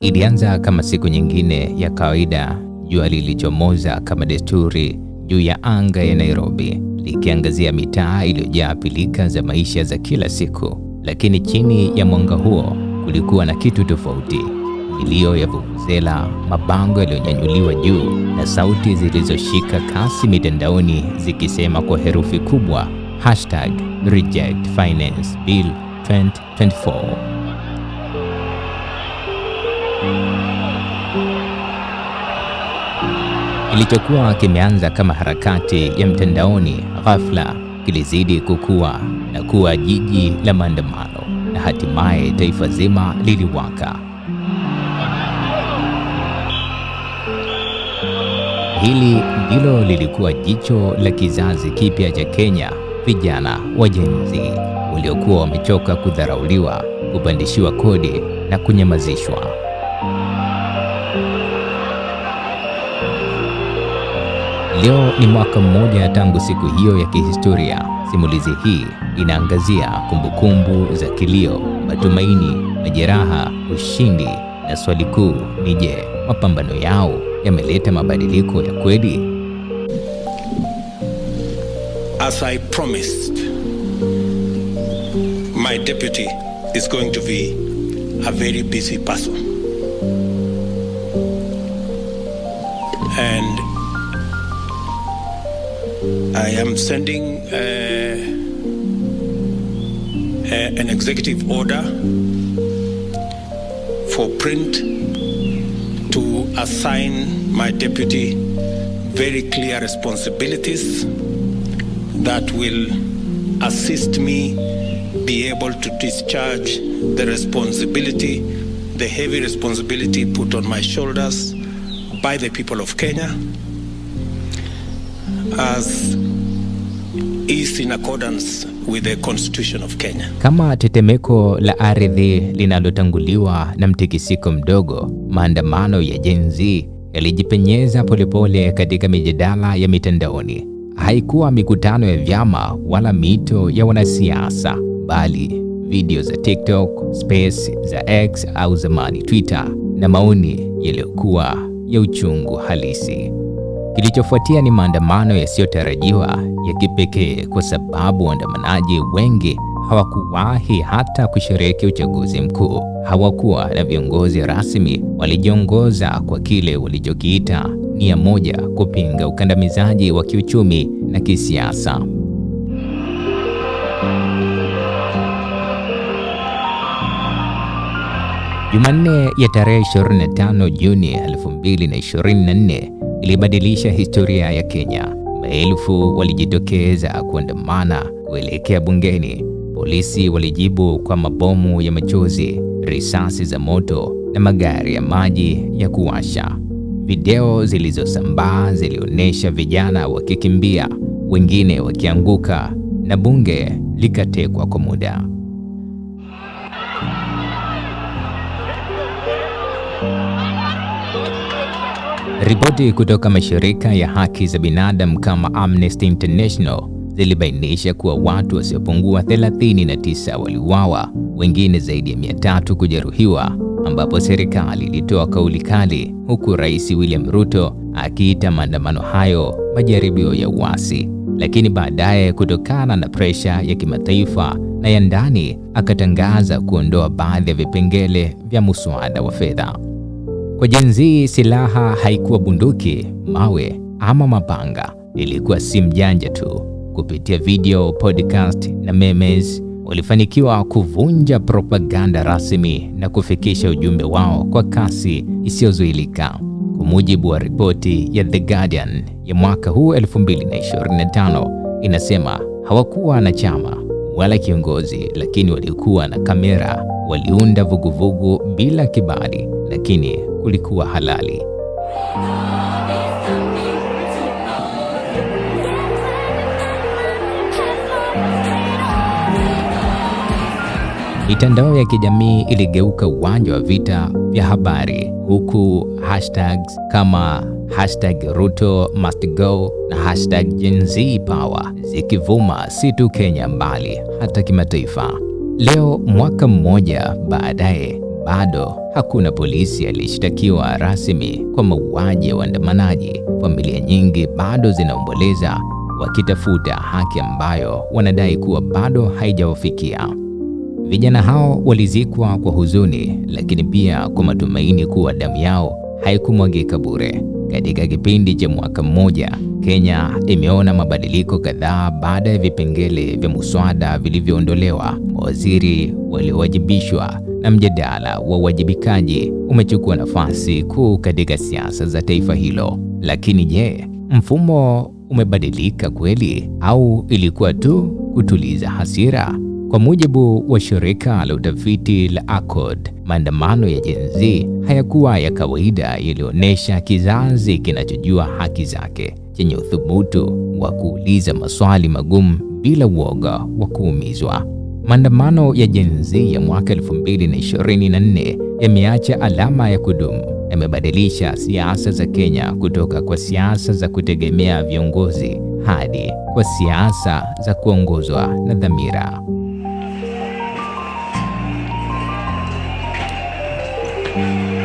Ilianza kama siku nyingine ya kawaida, jua lilichomoza kama desturi juu ya anga ya Nairobi, likiangazia mitaa iliyojaa pilika za maisha za kila siku. Lakini chini ya mwanga huo kulikuwa na kitu tofauti: milio ya vuvuzela, mabango yaliyonyanyuliwa juu, na sauti zilizoshika kasi mitandaoni zikisema kwa herufi kubwa, hashtag reject finance bill 2024. Kilichokuwa kimeanza kama harakati ya mtandaoni, ghafla kilizidi kukua na kuwa jiji la maandamano na hatimaye taifa zima liliwaka. Hili ndilo lilikuwa jicho la kizazi kipya cha Kenya, vijana wa Gen Z waliokuwa wamechoka kudharauliwa, kupandishiwa kodi na kunyamazishwa. Leo ni mwaka mmoja tangu siku hiyo ya kihistoria. Simulizi hii inaangazia kumbukumbu za kilio, matumaini, majeraha, ushindi na swali kuu ni je, mapambano yao yameleta mabadiliko ya kweli? As I promised, my deputy is going to be a very busy person. I am sending a, uh, uh, an executive order for print to assign my deputy very clear responsibilities that will assist me be able to discharge the responsibility, the heavy responsibility put on my shoulders by the people of Kenya. as is in accordance with the constitution of Kenya. Kama tetemeko la ardhi linalotanguliwa na mtikisiko mdogo, maandamano ya Gen Z yalijipenyeza polepole katika mijadala ya mitandaoni. Haikuwa mikutano ya vyama wala mito ya wanasiasa, bali video za TikTok, space za X au zamani Twitter, na maoni yaliyokuwa ya uchungu halisi. Kilichofuatia ni maandamano yasiyotarajiwa ya kipekee, kwa sababu waandamanaji wengi hawakuwahi hata kusherehekea uchaguzi mkuu. Hawakuwa na viongozi rasmi, walijiongoza kwa kile walichokiita nia moja, kupinga ukandamizaji wa kiuchumi na kisiasa. Jumanne ya tarehe 25 Juni 2024 ilibadilisha historia ya Kenya. Maelfu walijitokeza kuandamana kuelekea bungeni. Polisi walijibu kwa mabomu ya machozi, risasi za moto na magari ya maji ya kuwasha. Video zilizosambaa zilionyesha vijana wakikimbia, wengine wakianguka na bunge likatekwa kwa muda. Ripoti kutoka mashirika ya haki za binadamu kama Amnesty International zilibainisha kuwa watu wasiopungua 39 waliuawa, wengine zaidi ya 300 kujeruhiwa, ambapo serikali ilitoa kauli kali, huku Rais William Ruto akiita maandamano hayo majaribio ya uasi. Lakini baadaye, kutokana na presha ya kimataifa na ya ndani, akatangaza kuondoa baadhi ya vipengele vya muswada wa fedha. Kwa Gen-Z silaha haikuwa bunduki, mawe ama mapanga. Ilikuwa simu janja tu. Kupitia video, podcast na memes, walifanikiwa kuvunja propaganda rasmi na kufikisha ujumbe wao kwa kasi isiyozuilika. Kwa mujibu wa ripoti ya The Guardian ya mwaka huu 2025, inasema hawakuwa na chama wala kiongozi, lakini walikuwa na kamera. Waliunda vuguvugu bila kibali lakini kulikuwa halali. Mitandao ya kijamii iligeuka uwanja wa vita vya habari, huku hashtags kama hashtag Ruto must go na hashtag Gen Z power zikivuma si tu Kenya, mbali hata kimataifa. Leo mwaka mmoja baadaye bado hakuna polisi aliyeshtakiwa rasmi kwa mauaji ya waandamanaji, familia nyingi bado zinaomboleza wakitafuta haki ambayo wanadai kuwa bado haijawafikia. Vijana hao walizikwa kwa huzuni, lakini pia kwa matumaini kuwa damu yao haikumwagika bure. Katika kipindi cha mwaka mmoja, Kenya imeona mabadiliko kadhaa baada ya vipengele vya muswada vilivyoondolewa, mawaziri waliowajibishwa na mjadala wa uwajibikaji umechukua nafasi kuu katika siasa za taifa hilo. Lakini je, mfumo umebadilika kweli au ilikuwa tu kutuliza hasira? Kwa mujibu wa shirika la utafiti la Accord, maandamano ya Gen Z hayakuwa ya kawaida, yalionyesha kizazi kinachojua haki zake, chenye uthubutu wa kuuliza maswali magumu bila uoga wa kuumizwa. Maandamano ya Gen Z ya mwaka 2024 yameacha alama ya kudumu, yamebadilisha siasa za Kenya kutoka kwa siasa za kutegemea viongozi hadi kwa siasa za kuongozwa na dhamira. Thank you.